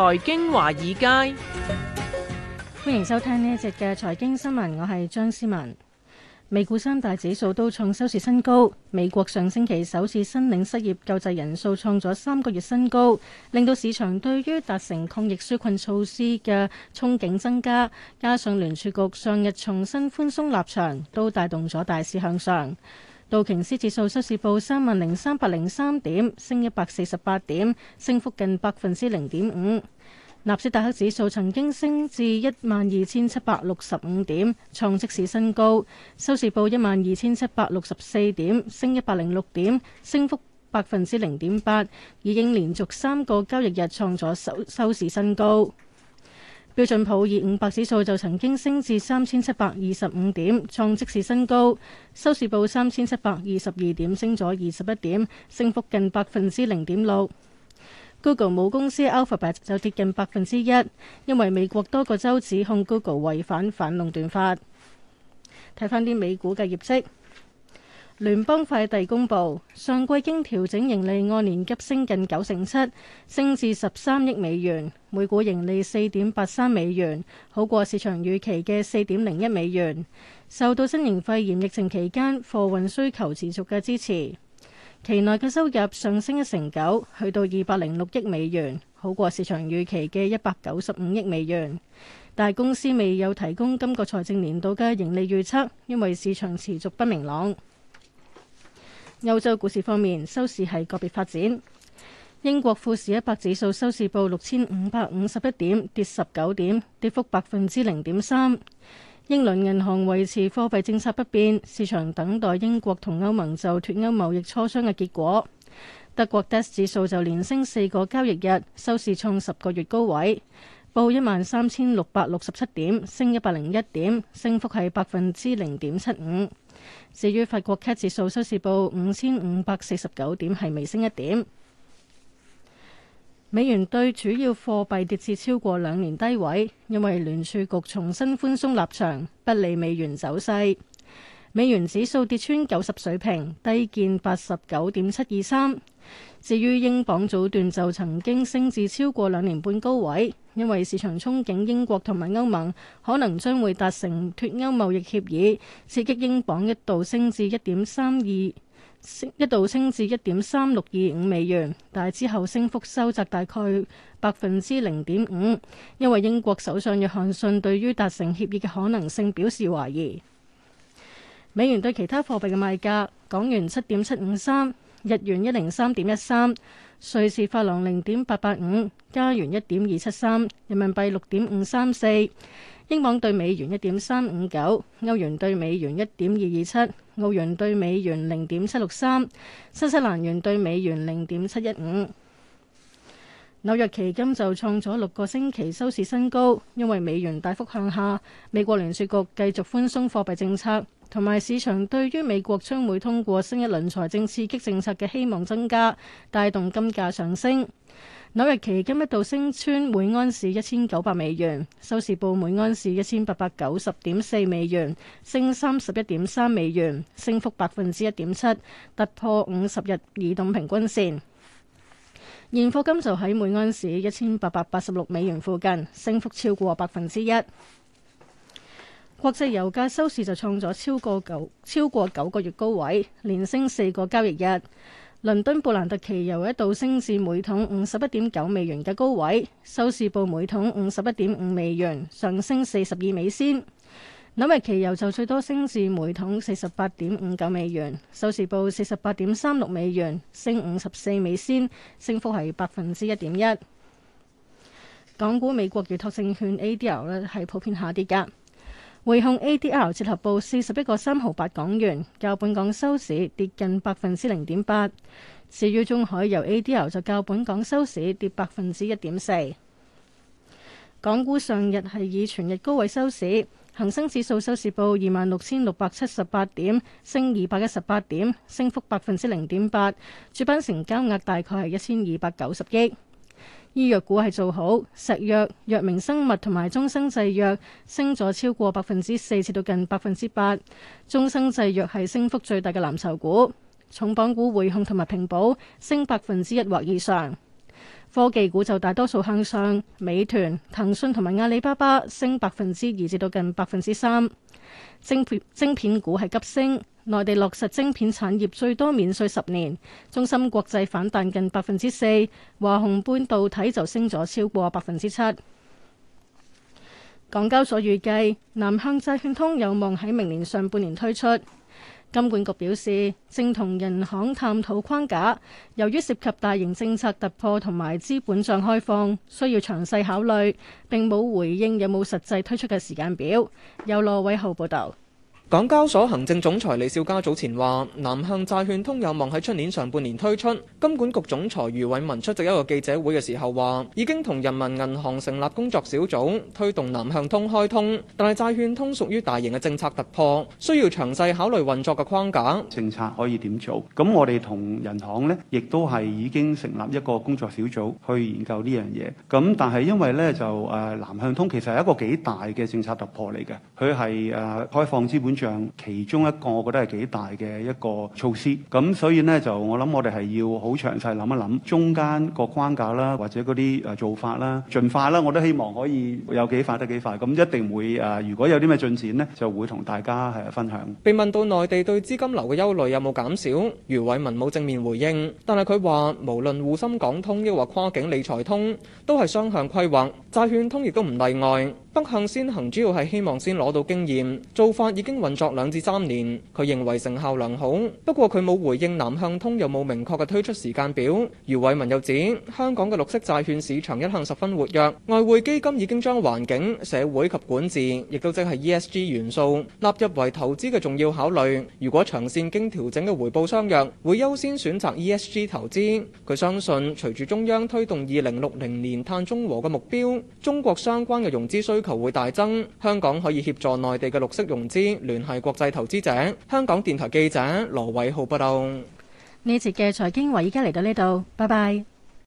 財經華爾街，歡迎收聽呢一節嘅財經新聞。我係張思文。美股三大指數都創收市新高。美國上星期首次申領失業救濟人數創咗三個月新高，令到市場對於達成抗疫紓困措施嘅憧憬增加。加上聯儲局上日重新寬鬆立場，都帶動咗大市向上。道瓊斯指數收市報三萬零三百零三點，升一百四十八點，升幅近百分之零點五。納斯達克指數曾經升至一萬二千七百六十五點，創即市新高，收市報一萬二千七百六十四點，升一百零六點，升幅百分之零點八，已經連續三個交易日創咗收收市新高。標準普爾五百指數就曾經升至三千七百二十五點，創即市新高。收市報三千七百二十二點，升咗二十一點，升幅近百分之零點六。Google 母公司 Alphabet 就跌近百分之一，因為美國多個州指控 Google 違反反壟斷法。睇翻啲美股嘅業績。聯邦快遞公佈上季經調整盈利按年急升近九成七，升至十三億美元，每股盈利四點八三美元，好過市場預期嘅四點零一美元。受到新型肺炎疫情期間貨運需求持續嘅支持，期內嘅收入上升一成九，去到二百零六億美元，好過市場預期嘅一百九十五億美元。但公司未有提供今個財政年度嘅盈利預測，因為市場持續不明朗。歐洲股市方面，收市係個別發展。英國富時一百指數收市報六千五百五十一點，跌十九點，跌幅百分之零點三。英倫銀行維持貨幣政策不變，市場等待英國同歐盟就脫歐貿易磋商嘅結果。德國 DAX 指數就連升四個交易日，收市創十個月高位，報一萬三千六百六十七點，升一百零一點，升幅係百分之零點七五。至於法國 CAC 指數收市報五千五百四十九點，係微升一點。美元兌主要貨幣跌至超過兩年低位，因為聯儲局重新寬鬆立場，不利美元走勢。美元指數跌穿九十水平，低見八十九點七二三。至於英鎊早段就曾經升至超過兩年半高位，因為市場憧憬英國同埋歐盟可能將會達成脫歐貿易協議，刺激英鎊一度升至一點三二，一度升至一點三六二五美元，但之後升幅收窄大概百分之零點五，因為英國首相約翰遜對於達成協議嘅可能性表示懷疑。美元對其他貨幣嘅賣價，港元七點七五三。日元一零三點一三，瑞士法郎零點八八五，加元一點二七三，人民幣六點五三四，英鎊對美元一點三五九，歐元對美元一點二二七，澳元對美元零點七六三，新西蘭元對美元零點七一五。紐約期金就創咗六個星期收市新高，因為美元大幅向下，美國聯儲局繼續寬鬆貨幣政策。同埋市場對於美國將會通過新一輪財政刺激政策嘅希望增加，帶動金價上升。紐約期金一度升穿每盎司一千九百美元，收市報每盎司一千八百九十點四美元，升三十一點三美元，升幅百分之一點七，突破五十日移動平均線。現貨金就喺每盎司一千八百八十六美元附近，升幅超過百分之一。國際油價收市就創咗超過九超過九個月高位，連升四個交易日。倫敦布蘭特期油一度升至每桶五十一點九美元嘅高位，收市報每桶五十一點五美元，上升四十二美仙。紐約期油就最多升至每桶四十八點五九美元，收市報四十八點三六美元，升五十四美仙，升幅係百分之一點一。港股美國預託證券 a d l 咧係普遍下跌噶。匯控 ADR 折合報四十一個三毫八港元，較本港收市跌近百分之零點八。至於中海油 ADR 就較本港收市跌百分之一點四。港股上日係以全日高位收市，恒生指數收市報二萬六千六百七十八點，升二百一十八點，升幅百分之零點八。主板成交額大概係一千二百九十億。醫藥股係做好，石藥、藥明生物同埋中生製藥升咗超過百分之四，至到近百分之八。中生製藥係升幅最大嘅藍籌股，重磅股匯控同埋平保升百分之一或以上。科技股就大多數向上，美團、騰訊同埋阿里巴巴升百分之二至到近百分之三。晶片股係急升。內地落實晶片產業最多免稅十年，中芯國際反彈近百分之四，華虹半導體就升咗超過百分之七。港交所預計南向債券通有望喺明年上半年推出。金管局表示，正同人行探討框架，由於涉及大型政策突破同埋資本帳開放，需要詳細考慮。並冇回應有冇實際推出嘅時間表。有羅偉浩報導。港交所行政總裁李小加早前話，南向債券通有望喺出年上半年推出。金管局總裁余偉文出席一個記者會嘅時候話，已經同人民銀行成立工作小組，推動南向通開通。但係債券通屬於大型嘅政策突破，需要詳細考慮運作嘅框架。政策可以點做？咁我哋同人行咧，亦都係已經成立一個工作小組去研究呢樣嘢。咁但係因為咧就誒南向通其實係一個幾大嘅政策突破嚟嘅，佢係誒開放資本。其中一個我覺得係幾大嘅一個措施，咁所以呢，就我諗我哋係要好詳細諗一諗中間個框架啦，或者嗰啲誒做法啦，盡快啦，我都希望可以有幾快得幾快，咁一定會誒。如果有啲咩進展呢，就會同大家誒分享。被問到內地對資金流嘅憂慮有冇減少，余偉文冇正面回應，但係佢話無論滬深港通抑或跨境理財通都係雙向規劃，債券通亦都唔例外。北向先行主要係希望先攞到經驗做法，已經運作兩至三年。佢認為成效良好，不過，佢冇回應南向通有冇明確嘅推出時間表。余偉文又指，香港嘅綠色債券市場一向十分活躍，外匯基金已經將環境、社會及管治，亦都即係 ESG 元素納入為投資嘅重要考慮。如果長線經調整嘅回報相約，會優先選擇 ESG 投資，佢相信隨住中央推動二零六零年碳中和嘅目標，中國相關嘅融資需需求會大增，香港可以協助內地嘅綠色融資，聯繫國際投資者。香港電台記者羅偉浩報道。呢節嘅財經話，而家嚟到呢度，拜拜。